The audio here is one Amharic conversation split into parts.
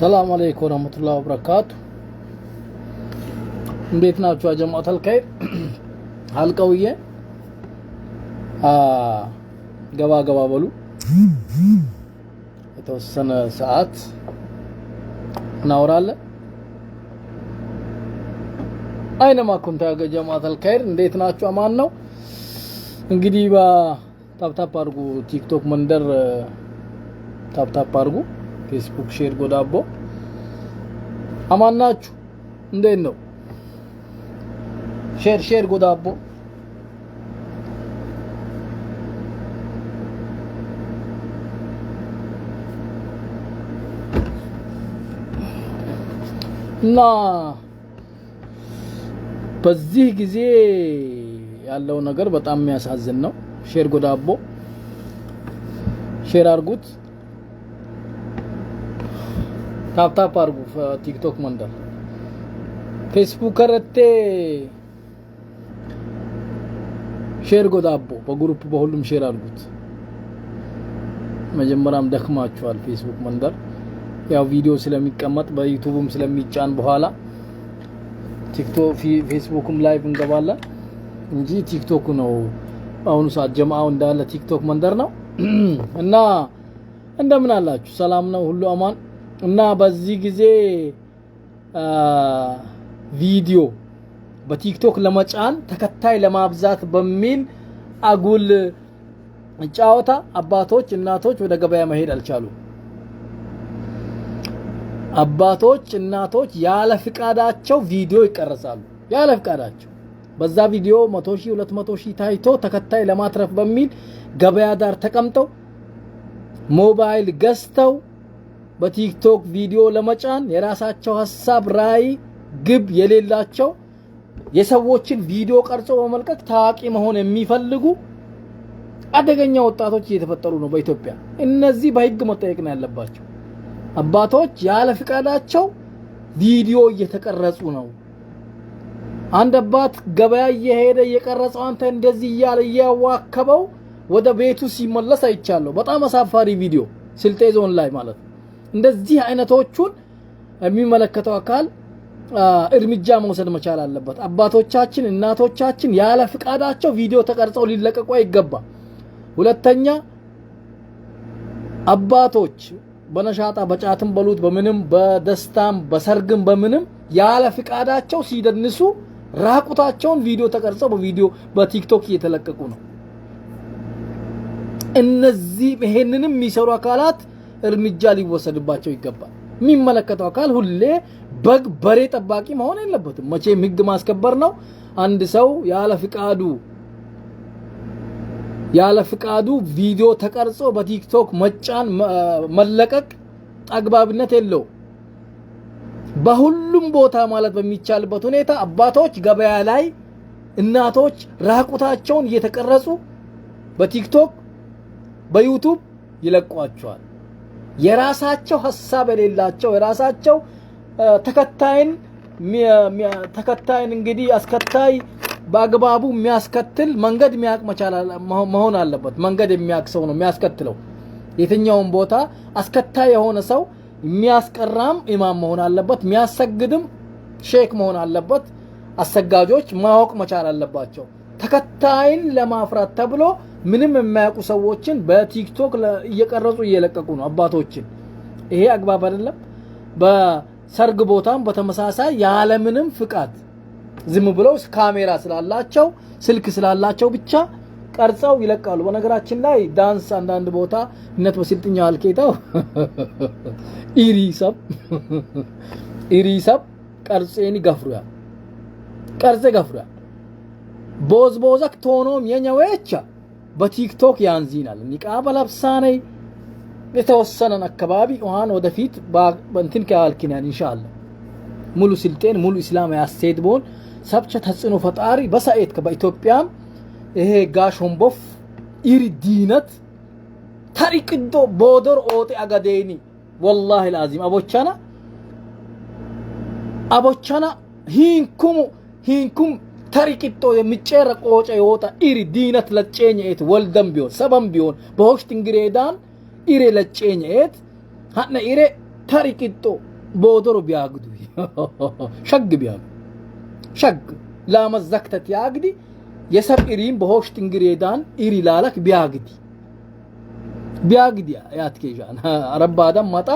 ሰላም አለይኩም ወራህመቱላሂ ወበረካቱ። እንዴት ናችሁ? አጀማት ኸይር አልቀውዬ ገባ ገባ በሉ። የተወሰነ ሰዓት እናወራለን። አይነማ ኩንቱ ያ ጀማዓተል ኸይር እንዴት ናችሁ? አማን ነው። እንግዲህ በታፕታፕ አድርጉ፣ ቲክቶክ መንደር ታፕታፕ አድርጉ። ፌስቡክ ሼር ጎዳቦ አማናችሁ እንዴት ነው? ሼር ሼር ጎዳቦ እና በዚህ ጊዜ ያለው ነገር በጣም የሚያሳዝን ነው። ሼር ጎዳቦ ሼር አድርጉት። ታፕታፕ አድርጉ። ቲክቶክ መንደር ፌስቡክ ከረቴ ሼር ጎዳቦ በግሩፕ በሁሉም ሼር አድርጉት። መጀመሪያም ደክማችኋል። ፌስቡክ መንደር ያው ቪዲዮ ስለሚቀመጥ በዩቲዩብም ስለሚጫን በኋላ ቲክቶክ ፌስቡክም ላይቭ እንገባለን እንጂ ቲክቶክ ነው አሁኑ ሰዓት ጀማአው እንዳለ ቲክቶክ መንደር ነው እና እንደምን አላችሁ? ሰላም ነው? ሁሉ አማን እና በዚህ ጊዜ ቪዲዮ በቲክቶክ ለመጫን ተከታይ ለማብዛት በሚል አጉል ጨዋታ አባቶች፣ እናቶች ወደ ገበያ መሄድ አልቻሉም። አባቶች፣ እናቶች ያለ ፍቃዳቸው ቪዲዮ ይቀርጻሉ። ያለ ፍቃዳቸው በዛ ቪዲዮ 100 ሺህ 200 ሺህ ታይቶ ተከታይ ለማትረፍ በሚል ገበያ ዳር ተቀምጠው ሞባይል ገዝተው በቲክቶክ ቪዲዮ ለመጫን የራሳቸው ሀሳብ፣ ራዕይ፣ ግብ የሌላቸው የሰዎችን ቪዲዮ ቀርጾ በመልቀቅ ታዋቂ መሆን የሚፈልጉ አደገኛ ወጣቶች እየተፈጠሩ ነው በኢትዮጵያ። እነዚህ በህግ መጠየቅ ነው ያለባቸው። አባቶች ያለ ፍቃዳቸው ቪዲዮ እየተቀረጹ ነው። አንድ አባት ገበያ እየሄደ እየቀረጸው አንተ እንደዚህ እያለ እያዋከበው ወደ ቤቱ ሲመለስ አይቻለሁ። በጣም አሳፋሪ ቪዲዮ ስልጤ ዞን ላይ ማለት ነው። እንደዚህ አይነቶቹን የሚመለከተው አካል እርምጃ መውሰድ መቻል አለበት። አባቶቻችን፣ እናቶቻችን ያለ ፍቃዳቸው ቪዲዮ ተቀርጸው ሊለቀቁ አይገባ። ሁለተኛ አባቶች በነሻጣ በጫትም በሉት በምንም በደስታም በሰርግም በምንም ያለ ፍቃዳቸው ሲደንሱ ራቁታቸውን ቪዲዮ ተቀርጸው በቪዲዮ በቲክቶክ እየተለቀቁ ነው። እነዚህ ይሄንንም የሚሰሩ አካላት እርምጃ ሊወሰድባቸው ይገባል። የሚመለከተው አካል ሁሌ በግ በሬ ጠባቂ መሆን የለበትም። መቼም ህግ ማስከበር ነው። አንድ ሰው ያለ ፍቃዱ ያለ ፍቃዱ ቪዲዮ ተቀርጾ በቲክቶክ መጫን መለቀቅ አግባብነት የለው። በሁሉም ቦታ ማለት በሚቻልበት ሁኔታ አባቶች ገበያ ላይ፣ እናቶች ራቁታቸውን እየተቀረጹ በቲክቶክ በዩቱብ ይለቋቸዋል። የራሳቸው ሀሳብ የሌላቸው የራሳቸው ተከታይን ተከታይን እንግዲህ አስከታይ በአግባቡ የሚያስከትል መንገድ የሚያውቅ መሆን አለበት። መንገድ የሚያውቅ ሰው ነው የሚያስከትለው። የትኛውን ቦታ አስከታይ የሆነ ሰው የሚያስቀራም ኢማም መሆን አለበት፣ የሚያሰግድም ሼክ መሆን አለበት። አሰጋጆች ማወቅ መቻል አለባቸው። ተከታይን ለማፍራት ተብሎ ምንም የማያውቁ ሰዎችን በቲክቶክ እየቀረጹ እየለቀቁ ነው አባቶችን። ይሄ አግባብ አይደለም። በሰርግ ቦታም በተመሳሳይ ያለምንም ፍቃድ ዝም ብለው ካሜራ ስላላቸው ስልክ ስላላቸው ብቻ ቀርጸው ይለቃሉ። በነገራችን ላይ ዳንስ አንዳንድ ቦታ እነት በስልጥኛ አልኬታው ኢሪሰብ ኢሪሰብ ቀርጼን ይገፍሩያል ቀርጼ ይገፍሩያል ቦዝ ቦዘክ ቶኖም የኛ ወይቻ በቲክቶክ ያንዚናል። ኒቃበ ለብሳኔ የተወሰነን አካባቢ ውሃን ወደፊት በንትን ከያልኪናን ኢንሻአላ ሙሉ ስልጤን ሙሉ እስላም ያስሴት ቦን ሰብቸ ተጽዕኖ ፈጣሪ በሳኤት በኢትዮጵያም ይሄ ጋሽ ሆምቦፍ ኢሪ ዲነት ተሪቅዶ ቦደር ኦጤ አጋዴኒ ወላሂ ላዚም አቦቻና አቦቻና ሂንኩም ሂንኩም ተሪቂጦ የሚጨረ ቆጨ የወጣ ኢሪ ዲነት ለጨኘት ወልደም ቢሆን ሰበም ቢሆን በሆሽት እንግሬዳን ኢሬ ለጨኘት ኤት ሀነ ኢሬ ተሪቂጦ ቦዶሩ ቢያግዱ ሸግ ቢያግ ሸግ ላመዘክተት ያግዲ የሰብ ኢሪን በሆሽት እንግሬዳን ኢሪ ላላክ ቢያግዲ ቢያግድያ ያትኬዣን ማጣ መጣ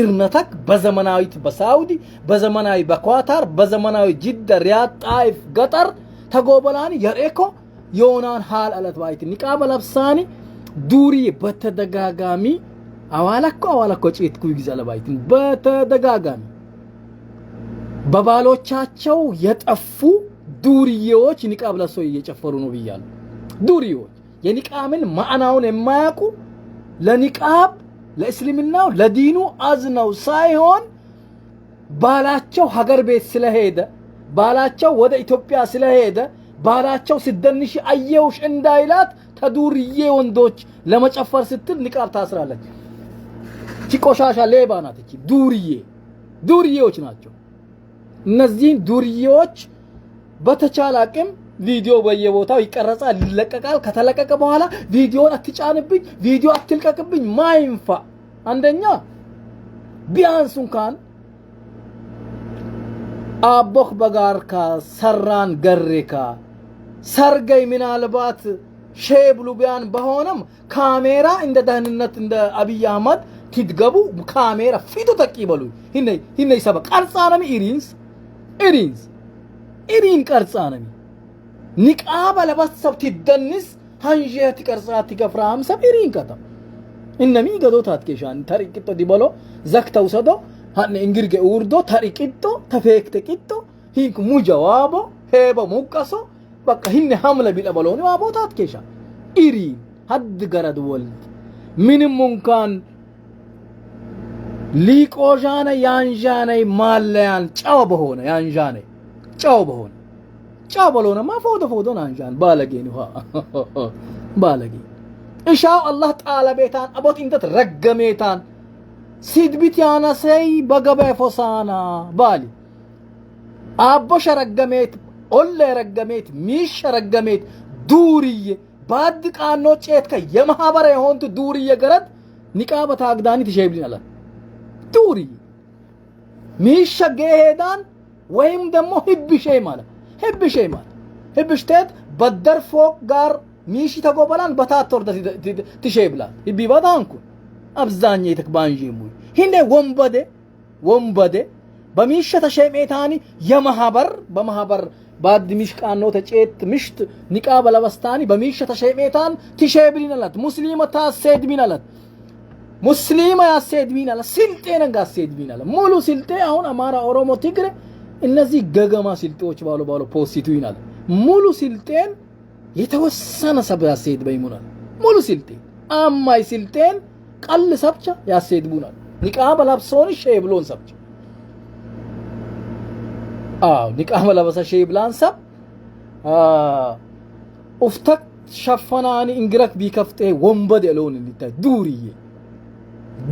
ኢርነታክ በዘመናዊት በሳውዲ በዘመናዊ በኳታር በዘመናዊ ጅደ ሪያድ ጣይፍ ገጠር ተጎበላኒ የሬኮ የሆናን ሀል አለት ባይት ኒቃበ ለብሳኒ ዱሪ በተደጋጋሚ አዋላኮ አዋላኮ ጭትኩ ይግዛለ ባይትን በተደጋጋሚ በባሎቻቸው የጠፉ ዱርዬዎች ኒቃብ ለብሰው እየጨፈሩ ነው ብያሉ። ዱርዬዎች የኒቃምን ማዕናውን የማያውቁ ለኒቃብ ለእስልምናው ለዲኑ አዝነው ሳይሆን ባላቸው ሀገር ቤት ስለሄደ ባላቸው ወደ ኢትዮጵያ ስለሄደ ባላቸው ስደንሽ አየውሽ እንዳይላት ከዱርዬ ወንዶች ለመጨፈር ስትል ኒቃብ ታስራለች። እቺ ቆሻሻ ሌባ ናት። እቺ ዱርዬ ዱርዬዎች ናቸው። እነዚህን ዱርዬዎች በተቻለ አቅም ቪዲዮ በየቦታው ይቀረጻል፣ ይለቀቃል። ከተለቀቀ በኋላ ቪዲዮን አትጫንብኝ፣ ቪዲዮ አትልቀቅብኝ ማይንፋ። አንደኛ ቢያንስ እንኳን አቦህ በጋርካ ሰራን ገሬካ ሰርገይ ምናልባት ሼብሉ ቢያን በሆነም ካሜራ እንደ ደህንነት እንደ አብይ አህመድ ትትገቡ ካሜራ ፊቱ ተቂ በሉ ሂነ ሂነ ይሰበ ቀርጻ ነሚ ኢሪንስ ኢሪንስ ኢሪን ቀርጻ ነሚ ንቃባ ለበሰብቲ ደንስ ሃንጀት ቀርጻቲ ገብርሃም ሰቢሪን ከተም እነሚ ገዶታት ኬሻን ተሪቅጦ ዲበሎ ዘክተው ሰዶ ሀን ውርዶ ተሪቅጦ ተፌክተ ቂጦ ሂንክ ሙጀዋቦ ሄበ ሙቀሶ በቃ ሂነ ሀምለ ቢለበሎኒ ዋቦታት ኬሻ ኢሪን ሀድ ገረድ ወልድ ምንም እንኳን ሊቆዣነ ያንዣነይ ማለያን ጨው በሆነ ያንዣነይ ጨው በሆነ ቁጫ በለሆነማ ፎቶ ፎቶን አንሻን ባለጌ ነው ባለጌ እሻው አላህ ጣለቤታን አቦት ኢንተት ረገሜታን ሲድቢት ሰይ በገበይ ፎሳና ባሊ አቦሸ ረገሜት ኦሌ ረገሜት ሚሽ ረገሜት ዱርዬ ባድ ቃኖ ጨት ከ የማህበረ የሆንት ዱርዬ ገረት ንቃበ ታግዳኒ ትሸብልን አለ ዱርዬ ሚሸ ጌሄዳን ወይም ደግሞ ህብሼ ማለት hibbi sheemaan hibbi shteet baddar fook gaar miishi takoo balaan bataa torda tishee bilaan hibbi bataan kun አብዛኛው የተክባንጂ ሙይ ሂኔ ወንበዴ ወንበዴ በሚሸ ተሸሜታኒ የማህበር በማህበር ባድ ሚሽ ቃኖ ተጨት ምሽት ንቃ በለበስታኒ በሚሸ ተሸሜታን ትሸብሊናላት ሙስሊማ ታሰድሚናላት ሙስሊማ ያሰድሚናላት ስልጤ ነጋ አሰድሚናላት ሙሉ ስልጤ አሁን አማራ ኦሮሞ ትግሬ እነዚህ ገገማ ስልጤዎች ባሉ ባሉ ፖስቱ ይናል ሙሉ ስልጤን የተወሰነ ሰብ ያሴድ በይሙናል ሙሉ ስልጤ አማይ ስልጤን ቀል ሰብቻ ያሴድ ቡናል ኒቃብ ለብሶን ሼ ብሎን ሰብቻ አዎ ኒቃብ ለበሰ ሼ ብላን ሰብ ኡፍተክ ሸፈናኒ እንግረክ ቢከፍቴ ወንበድ የለውን እንዲታይ ዱርዬ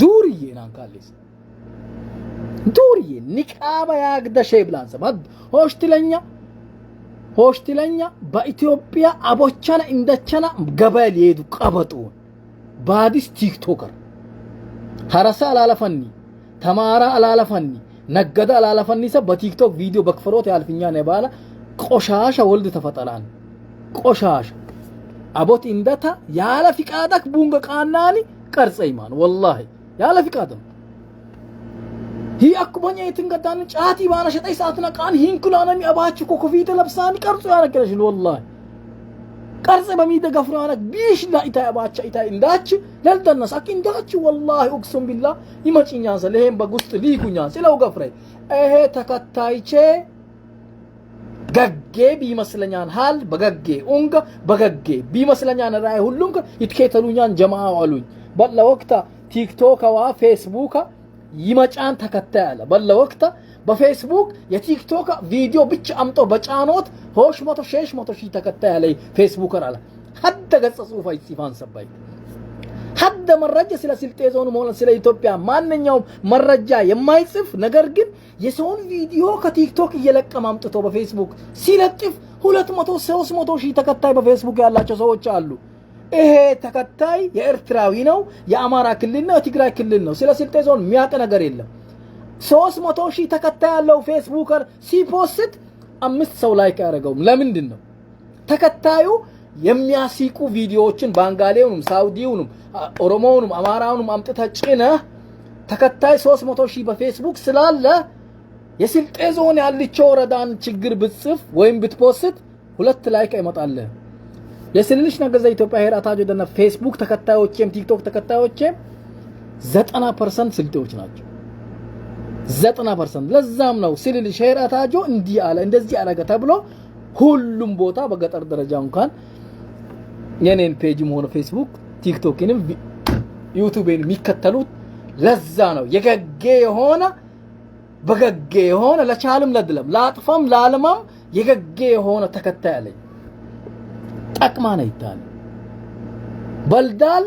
ዱርዬ ናንካሌስ duuriyee niqaaba yaagdashee bilaansa hoshtilanya hoshtilanya በኢትዮጵያ አቦቻና እንደቻና ገበያ ሊሄዱ ቀበጡ ባዲስ ቲክቶከር ሀረሳ አላለፈኒ ተማራ አላለፈኒ ነገደ አላለፈኒ ሰ በቲክቶክ ቪዲዮ በክፈሮት ያልፍኛ ነው ባላ ቆሻሻ ወልድ ተፈጠላን ቆሻሻ አቦት እንደታ ያለ ፍቃደክ ቡንገ ቃናኒ ቀርጸይማን ወላሂ ያለ ፍቃደም ይህ አኩበኛ የትንገዳን ጫቲ ባነ ሰዓት ነቃን ቃን ሂንኩላነም አባች ኮ ኮፊ ተለብሳን ቀርጾ ያነገረሽ ወላ ቀርጽ በሚደገፍ ነው አነክ ቢሽ ላኢታ ያባቻ ኢታ እንዳች ለልደነስ አኪ እንዳች ወላ ኡክሱም ቢላ ይመጭኛ ሰለሄን በጉስጥ ሊኩኛ ስለው ገፍሬ ይሄ ተከታይቼ ገጌ ቢመስለኛን ሃል በገጌ ኡንገ በገጌ ቢመስለኛን ራይ ሁሉም ይትከተሉኛን ጀማዓ አሉኝ በለ ወቅታ ቲክቶክ ዋ ፌስቡክ ይመጫን ተከታይ አለ በለ ወቅት በፌስቡክ የቲክቶክ ቪዲዮ ብቻ አምጦ በጫኖት ሆሽ መቶ ሼሽ መቶ ሺህ ተከታይ አለ ፌስቡከር አለ ሀደ ገጸ ጽሁፍ አይጽፋን ሰባይ ሀደ መረጃ ስለ ስልጤ ዞን መሆን ስለ ኢትዮጵያ ማንኛውም መረጃ የማይጽፍ ነገር ግን የሰውን ቪዲዮ ከቲክቶክ እየለቀመ አምጥቶ በፌስቡክ ሲለጥፍ ሁለት መቶ ሶስት መቶ ሺህ ተከታይ በፌስቡክ ያላቸው ሰዎች አሉ። ይሄ ተከታይ የኤርትራዊ ነው፣ የአማራ ክልል ነው፣ የትግራይ ክልል ነው። ስለ ስልጤ ዞን የሚያውቅ ነገር የለም። ሶስት መቶ ሺህ ተከታይ ያለው ፌስቡከር ሲፖስት አምስት ሰው ላይክ አያደርገውም። ለምንድን ነው? ተከታዩ የሚያሲቁ ቪዲዮዎችን ባንጋሌውንም፣ ሳውዲውንም፣ ኦሮሞውንም፣ አማራውንም አምጥተ ጭነ ተከታይ ሶስት መቶ ሺህ በፌስቡክ ስላለ የስልጤ ዞን ያልቸው ወረዳን ችግር ብትጽፍ ወይም ብትፖስት ሁለት ላይክ አይመጣልህ። የስልልሽ ነገር ኢትዮጵያ ሄራታ ደና ፌስቡክ ተከታዮቼም ቲክቶክ ተከታዮቼም ዘጠና ፐርሰንት ስልጤዎች ናቸው። ዘጠና ፐርሰንት ለዛም ነው ስልልሽ ሄራታ ጆ እንዲህ አለ እንደዚህ አረገ ተብሎ ሁሉም ቦታ በገጠር ደረጃ እንኳን የኔን ፔጅም ሆነ ፌስቡክ ቲክቶክንም ዩቲዩብን የሚከተሉት ለዛ ነው የገጌ የሆነ በገጌ የሆነ ለቻልም ለድለም ላጥፋም ለአልማም የገጌ የሆነ ተከታይ አለኝ። ነው ይታል በልዳል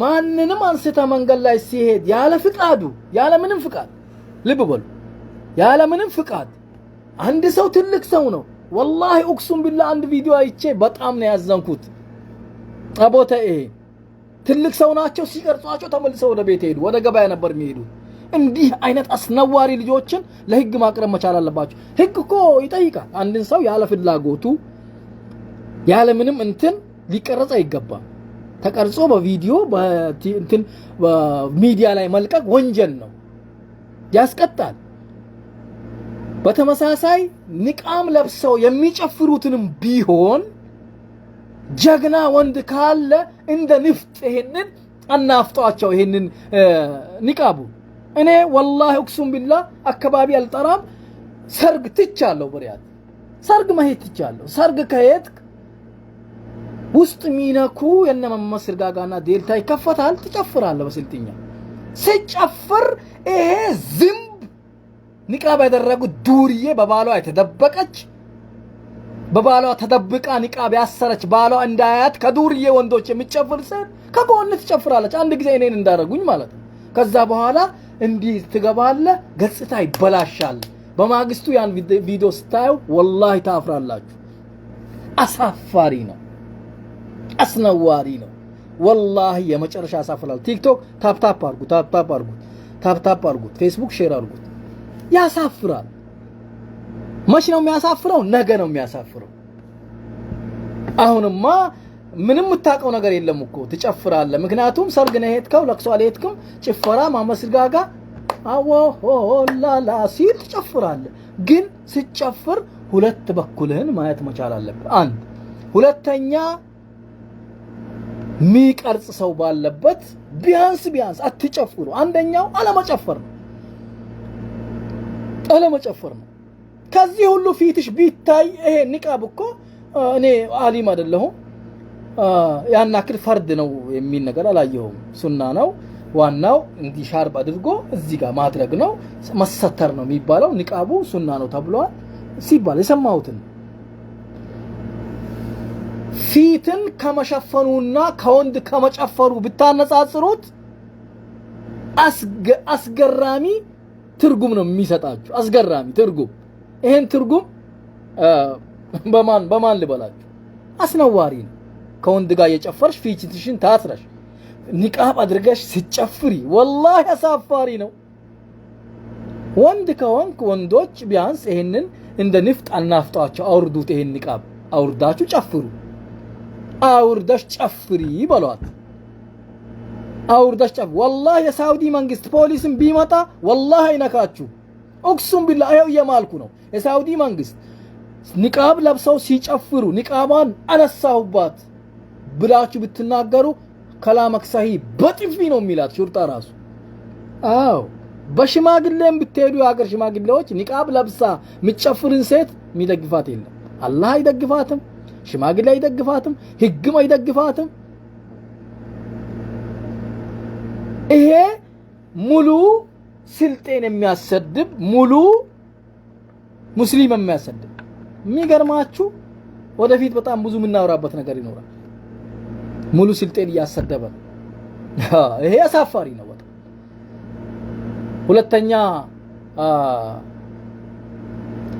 ማንንም አንስተ መንገድ ላይ ሲሄድ ያለ ፍቃዱ ያለ ምንም ፍቃድ ልብ በሉ ያለ ምንም ፍቃድ አንድ ሰው ትልቅ ሰው ነው ወላሂ ኡክሱም ቢላ አንድ ቪዲዮ አይቼ በጣም ነው ያዘንኩት አቦተ ይሄ ትልቅ ሰው ናቸው ሲቀርጿቸው ተመልሰው ወደ ቤት ሄዱ ወደ ገበያ ነበር የሚሄዱት እንዲህ አይነት አስነዋሪ ልጆችን ለህግ ማቅረብ መቻል አለባቸው ህግ እኮ ይጠይቃል አንድን ሰው ያለ ፍላጎቱ ያለ ምንም እንትን ሊቀረጽ አይገባም። ተቀርጾ በቪዲዮ እንትን በሚዲያ ላይ መልቀቅ ወንጀል ነው፣ ያስቀጣል። በተመሳሳይ ንቃም ለብሰው የሚጨፍሩትንም ቢሆን ጀግና ወንድ ካለ እንደ ንፍጥ ይሄንን አናፍጧቸው። ይሄንን ንቃቡ እኔ ወላሂ እቅሱም ቢላ አካባቢ አልጠራም። ሰርግ ትቻለሁ፣ ብሪያት ሰርግ መሄድ ትቻለሁ። ሰርግ ከሄድክ ውስጥ ሚነኩ የነመመስ እርጋጋና ዴልታ ይከፈታል። ትጨፍራለህ በስልጥኛ ስጨፍር ይሄ ዝንብ ንቃብ ያደረጉት ዱርዬ በባሏ የተደበቀች በባሏ ተደብቃ ንቃብ ያሰረች ባሏ እንዳያት ከዱርዬ ወንዶች የምትጨፍር ሴት ከጎን ትጨፍራለች። አንድ ጊዜ እኔን እንዳረጉኝ ማለት ነው። ከዛ በኋላ እንዲህ ትገባለህ፣ ገጽታ ይበላሻል። በማግስቱ ያን ቪዲዮ ስታየው ወላሂ ታፍራላችሁ። አሳፋሪ ነው። አስነዋሪ ነው። ወላሂ የመጨረሻ ያሳፍራል። ቲክቶክ ታፕታፕ አርጉት፣ ታፕታፕ አርጉት፣ ታፕታፕ አርጉ፣ ፌስቡክ ሼር አርጉት። ያሳፍራል። መች ነው የሚያሳፍረው? ነገ ነው የሚያሳፍረው። አሁንማ ምንም የምታውቀው ነገር የለም እኮ ትጨፍራለህ። ምክንያቱም ሰርግ ነው የሄድከው፣ ለቅሶ አልሄድክም። ጭፈራ ማመስጋጋ አወሆላላ ሲል ትጨፍራለህ። ግን ስጨፍር ሁለት በኩልህን ማየት መቻል አለብህ። አንድ ሁለተኛ ሚቀርጽ ሰው ባለበት ቢያንስ ቢያንስ አትጨፍሩ። አንደኛው አለመጨፈር ነው፣ አለመጨፈር ነው። ከዚህ ሁሉ ፊትሽ ቢታይ ይሄ ኒቃብ እኮ እኔ አሊም አይደለሁም ያን አክል ፈርድ ነው የሚል ነገር አላየሁም። ሱና ነው ዋናው እንዲህ ሻርብ አድርጎ እዚህ ጋር ማድረግ ነው መሰተር ነው የሚባለው። ኒቃቡ ሱና ነው ተብሏል ሲባል የሰማሁትን ፊትን ከመሸፈኑና ከወንድ ከመጨፈሩ ብታነጻጽሩት አስገራሚ ትርጉም ነው የሚሰጣችሁ። አስገራሚ ትርጉም። ይሄን ትርጉም በማን በማን ልበላችሁ? አስነዋሪ ነው። ከወንድ ጋር የጨፈርሽ ፊትሽን ታስረሽ ኒቃብ አድርገሽ ስጨፍሪ ወላሂ አሳፋሪ ነው። ወንድ ከሆንክ ወንዶች ቢያንስ ይሄንን እንደ ንፍጥ አናፍጧቸው፣ አውርዱት። ይሄን ኒቃብ አውርዳችሁ ጨፍሩ። አውርዳሽ ጨፍሪ በሏት። አውርዳሽ ጨፍሪ። ወላሂ የሳውዲ መንግስት ፖሊስን ቢመጣ ወላሂ አይነካችሁ። ኡቅሱም ቢላ ይኸው እየማልኩ ነው። የሳውዲ መንግስት ንቃብ ለብሰው ሲጨፍሩ ንቃቧን አነሳሁባት ብላችሁ ብትናገሩ ከላመክ በጥፊ ነው የሚላት ሹርጣ ራሱ። አዎ በሽማግሌም ብትሄዱ የሀገር ሽማግሌዎች ንቃብ ለብሳ ምጨፍርን ሴት የሚደግፋት የለም። አላህ አይደግፋትም። ሽማግሌ አይደግፋትም፣ ህግም አይደግፋትም። ይሄ ሙሉ ስልጤን የሚያሰድብ ሙሉ ሙስሊም የሚያሰድብ የሚገርማችሁ ወደፊት በጣም ብዙ የምናወራበት ነገር ይኖራል። ሙሉ ስልጤን እያሰደበ ነው። ይሄ አሳፋሪ ነው በጣም ሁለተኛ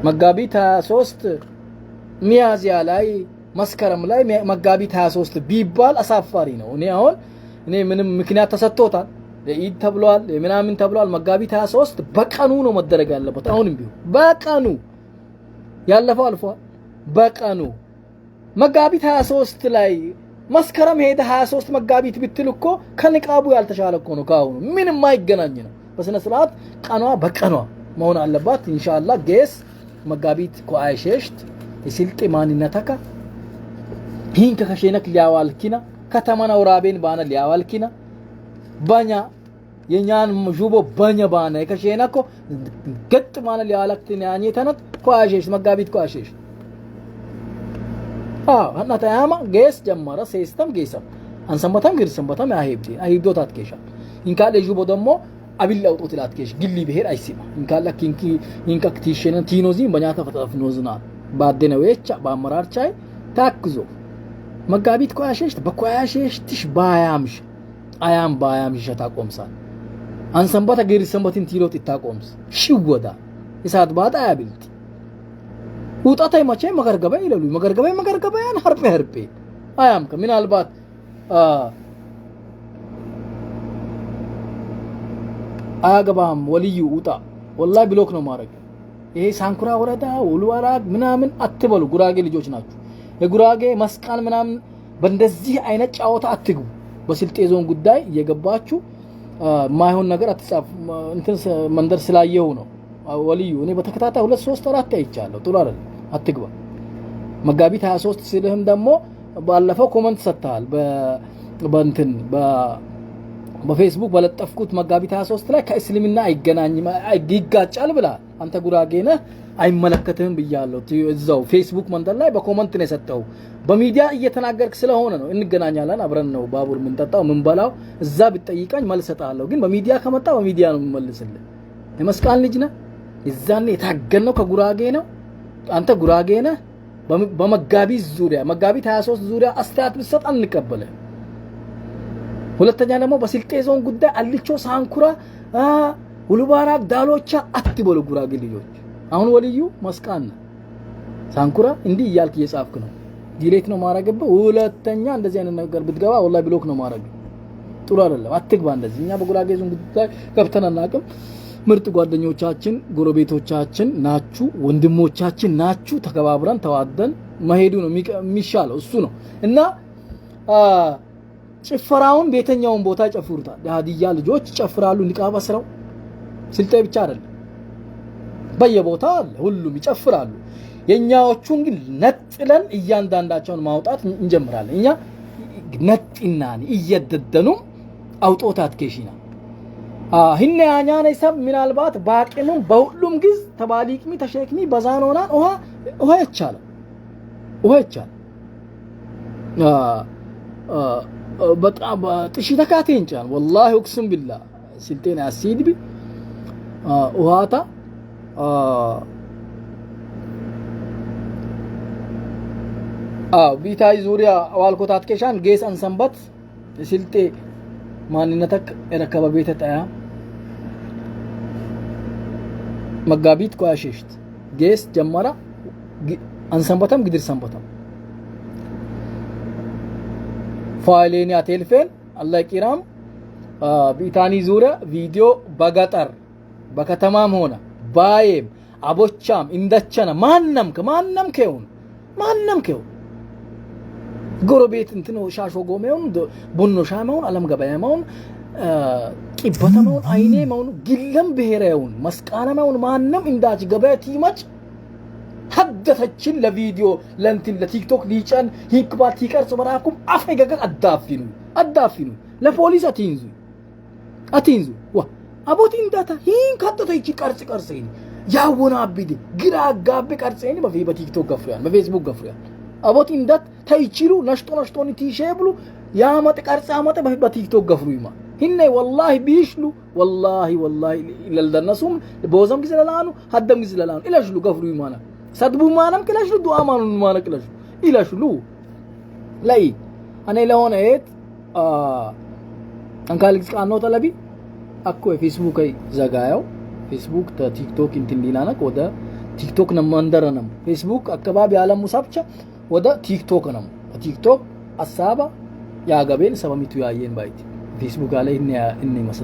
መጋቢት 23 ሚያዝያ ላይ መስከረም ላይ መጋቢት 23 ቢባል አሳፋሪ ነው። እኔ አሁን እኔ ምንም ምክንያት ተሰጥቶታል። ለኢድ ተብሏል፣ ምናምን ተብሏል። መጋቢት 23 በቀኑ ነው መደረግ ያለበት። አሁንም ቢሆን በቀኑ ያለፈው አልፏል። በቀኑ መጋቢት 23 ላይ መስከረም ሄደ 23 መጋቢት ብትል እኮ ከንቃቡ ያልተሻለ እኮ ነው። ከአሁኑ ምንም ማይገናኝ ነው። በስነ ስርዓት ቀኗ በቀኗ መሆን አለባት። ኢንሻአላህ ጌስ መጋቢት ከአይሸሽት የስልጤ ማንነተካ hinka kashenak liawalkina katamana waraben bana liawalkina banya የኛን ዡቦ በኛ ባነ ከሸና ኮ ገጥ ማነ ሊያላክት ያኔ ተነት ኮአሼሽ መጋቢት ኮአሼሽ አዎ እና ታያማ ጌስ ጀመረ ሲስተም ጌሳ አንሰንበተም ግር ሰንበተም አሄብቲ አሄብዶት አትኬሻ ኢንካለ ዡቦ ደግሞ አቢል ለውጡ ትላት ኬሽ ግሊ ብሄር አይሲማ ኢንካለ ኪንኪ ኢንካክቲሽን ቲኖዚ በኛ ተፈጠፍ ኖዝና ባደነዌቻ ባመራርቻይ ታክዞ መጋቢት ኮ ያሸሽት በኮ ባያምሽ አያም ባያምሽ ሸታ ቆምሳን አንሰንበተ ገሪ ሰንበትን ቲሎት ይታቆምስ ሽወዳ እሳት ባጣ ያብልት ውጣታይ መቼ መገርገበይ ይለሉ መገርገበይ መገርገበያን ያን ሀርፔ አያምከ አያም ከምናልባት አያገባህም ወልዩ ውጣ ወላሂ ብሎክ ነው ማድረግ ይሄ ሳንኩራ ወረዳ ውልዋላ ምናምን አትበሉ ጉራጌ ልጆች ናችሁ የጉራጌ መስቃን ምናምን በእንደዚህ አይነት ጫወታ አትግቡ። በስልጤ ዞን ጉዳይ እየገባችሁ ማይሆን ነገር አትጻፉ። እንትን መንደር ስላየው ነው ወልዩ። እኔ በተከታታይ ሁለት ሶስት አራት አይቻለሁ። ጥሩ አይደለም፣ አትግባ። መጋቢት 23 ስልህም ደግሞ ባለፈው ኮመንት ሰጥተሃል በእንትን በፌስቡክ በለጠፍኩት መጋቢት 23 ላይ ከእስልምና አይገናኝም ይጋጫል ብላ አንተ ጉራጌ ነህ አይመለከትም ብያለሁ። እዛው ፌስቡክ መንጠል ላይ በኮመንት ነው የሰጠው። በሚዲያ እየተናገርክ ስለሆነ ነው። እንገናኛለን፣ አብረን ነው ባቡር የምንጠጣው የምንበላው። እዛ ብትጠይቀኝ መልስ እሰጥሃለሁ። ግን በሚዲያ ከመጣ በሚዲያ ነው የምመልስልህ። የመስቃን ልጅ ነህ። የዛኔ የታገልነው ከጉራጌ ነው። አንተ ጉራጌ ነህ። በመጋቢት ዙሪያ መጋቢት 23 ዙሪያ አስተያየት ብትሰጥ አንቀበልህም። ሁለተኛ ደግሞ በስልጤ ዞን ጉዳይ አልቾ ሳንኩራ፣ ሁሉባራ፣ ዳሎቻ አትበሉ ጉራጌ ልጆች። አሁን ወልዩ መስቃን ነው ሳንኩራ እንዲህ እያልክ እየጻፍክ ነው። ዲሌት ነው ማረገበው። ሁለተኛ እንደዚህ አይነት ነገር ብትገባ ወላሂ ብሎክ ነው ማረግ። ጥሩ አይደለም፣ አትግባ እንደዚህ። እኛ በጉራጌ ዞን ጉዳይ ገብተን አናውቅም። ምርጥ ጓደኞቻችን ጎረቤቶቻችን ናችሁ፣ ወንድሞቻችን ናችሁ። ተከባብረን ተዋደን መሄዱ ነው የሚሻለው፣ እሱ ነው እና ጭፈራውን ቤተኛውን ቦታ ይጨፍሩታል። የሀዲያ ልጆች ይጨፍራሉ። ንቃባ ስራው ስልጤ ብቻ አይደለም። በየቦታ አለ፣ ሁሉም ይጨፍራሉ። የእኛዎቹን ግን ነጥለን እያንዳንዳቸውን ማውጣት እንጀምራለን። እኛ ነጢናን እየደደኑም አውጦታት ኬሽና ህነ ያኛነ ሰብ ምናልባት ባቅኑም በሁሉም ግዝ ተባሊቅሚ ተሸክሚ በዛን ሆናን ውሃ ይቻለ ውሃ ይቻለ በጣም ጥሺ ተካቴ እንጫን ወላሂ ኡቅስም ቢላ ስልጤን አሲድቢ ውሃታ ቢታይ ዙሪያ ዋልኮት አትኬሻን ጌሰን ሰንበት ስልጤ ማንነተክ የረከበ ቤተ ጠያ መጋቢት ኳሽሽት ጌስ ጀመራ አንሰንበተም ግድር ሰንበተም ፋይሌን ያቴልፌን አላህ ቂራም ቢታኒ ዙሪያ ቪዲዮ በገጠር በከተማም ሆነ baay'eem, abochaam, indachana maannamka maannamkeun maannamkeun ጎረቤት እንትን ሻሾጎሜውን ቡኖሻመውን አለም ገበያመውን ቂበተመውን አይኔመውን ግለም ብሔራውን መስቃነመውን ማንም እንዳች ገበያ ቲመጭ ሀደተችን ለቪዲዮ ለንትን ለቲክቶክ ሊጨን ሂንክባ ቲቀርጽ በራኩም አፌ አዳፊኑ አዳፊኑ ለፖሊስ አቲንዙ አቲንዙ ዋ አቦቲን ዳታ ይህን ካጠተ ይቺ ቀርጽ ቀርጽ ይሄን ያወናብድ ግራ አጋብ ቀርጽ ይሄን በፌ በቲክቶክ ገፍሪያል በፌስቡክ ገፍሪያል አቦቲን ዳት ታይቺሩ ነሽቶ ነሽቶን ቲሼብሉ ያመጠ ቀርጽ ያመጠ በቲክቶክ ገፍሩ ይማ ሂነ ወላሂ ቢሽሉ ወላሂ ወላሂ ለልደነሱም በወዘም ጊዜ ለላኑ ሀደም ጊዜ ለላኑ ኢለሽሉ ገፍሩ ይማና ሰድቡ ማናም ቅለሽሉ ዱአ ማኑን ማና ቅለሽሉ ኢለሽሉ ላይ እኔ ለሆነ የት አንካልግስ ቃኖ ተለቢ akkuma feesbuuka zagaayoo feesbuuk ta tiiktook ittiin diinaanak wada tiiktook nama andara namu feesbuuk baabi biyaalamu sabcha wada tiiktook namu tiiktook asaaba yaagabeen saba mitu yaayeen baay'ee feesbuuk haala inni inni masala.